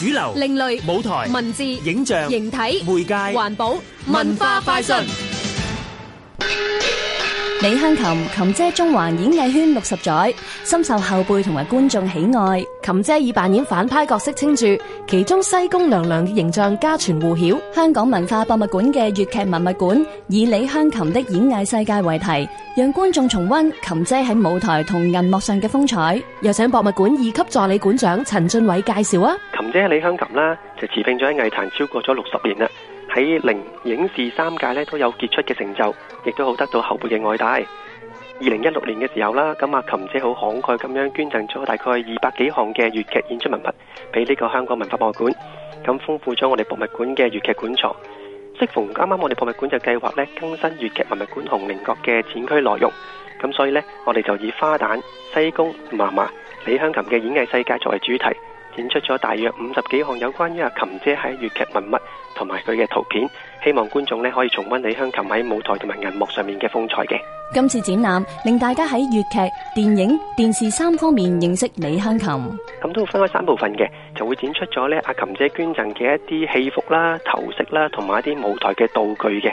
主流、另類、舞台、文字、影像、形體、媒介、環保、文化、快訊。李香琴琴姐中環演藝圈六十載，深受後輩同埋觀眾喜愛。琴姐以扮演反派角色稱著，其中西宮娘娘嘅形象家傳戶曉。香港文化博物館嘅粵劇文物館以李香琴的演藝世界為題，讓觀眾重温琴姐喺舞台同銀幕上嘅風采。又請博物館二級助理館長陳俊偉介紹啊。琴姐李香琴啦，就持聘咗喺藝壇超過咗六十年啦。喺零影視三界呢，都有傑出嘅成就，亦都好得到後輩嘅愛戴2016年嘅時候啦，噉阿琴姐好慷慨噉樣捐贈咗大概200幾項嘅粵劇演出文物畀呢個香港文化博物館，豐富咗我哋博物館嘅粵劇館藏。適逢啱啱我哋博物館就計劃更新粵劇文物館紅菱閣嘅展區內容，所以呢我哋就以花旦展出咗大約五十幾項有關於阿琴姐喺粵劇文物同埋佢嘅圖片，希望觀眾呢可以重溫李香琴喺舞台同埋銀幕上面嘅風采嘅。今次展覽令大家喺粵劇、電影、電視三方面認識李香琴。咁都分開三部分嘅，就會展出咗呢阿琴姐捐贈嘅一啲戲服啦、頭飾啦，同埋一啲舞台嘅道具嘅。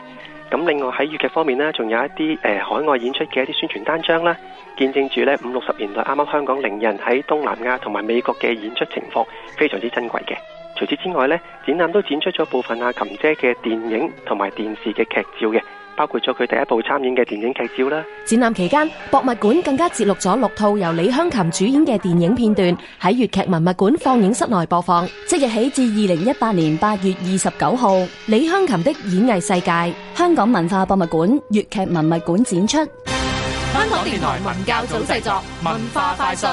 咁另外喺粵劇方面咧，仲有一啲誒、呃、海外演出嘅一啲宣傳單張啦，見證住咧五六十年代啱啱香港伶人喺東南亞同埋美國嘅演出情況，非常之珍貴嘅。除此之外咧，展覽都展出咗部分阿、啊、琴姐嘅電影同埋電視嘅劇照嘅。包括咗佢第一部參演嘅電影劇照啦。展覽期間，博物館更加節錄咗六套由李香琴主演嘅電影片段，喺粵劇文物館放映室內播放。即日起至二零一八年八月二十九號，《李香琴的演藝世界》香港文化博物館粵劇文物館展出。香港電台文教組製作文化快訊。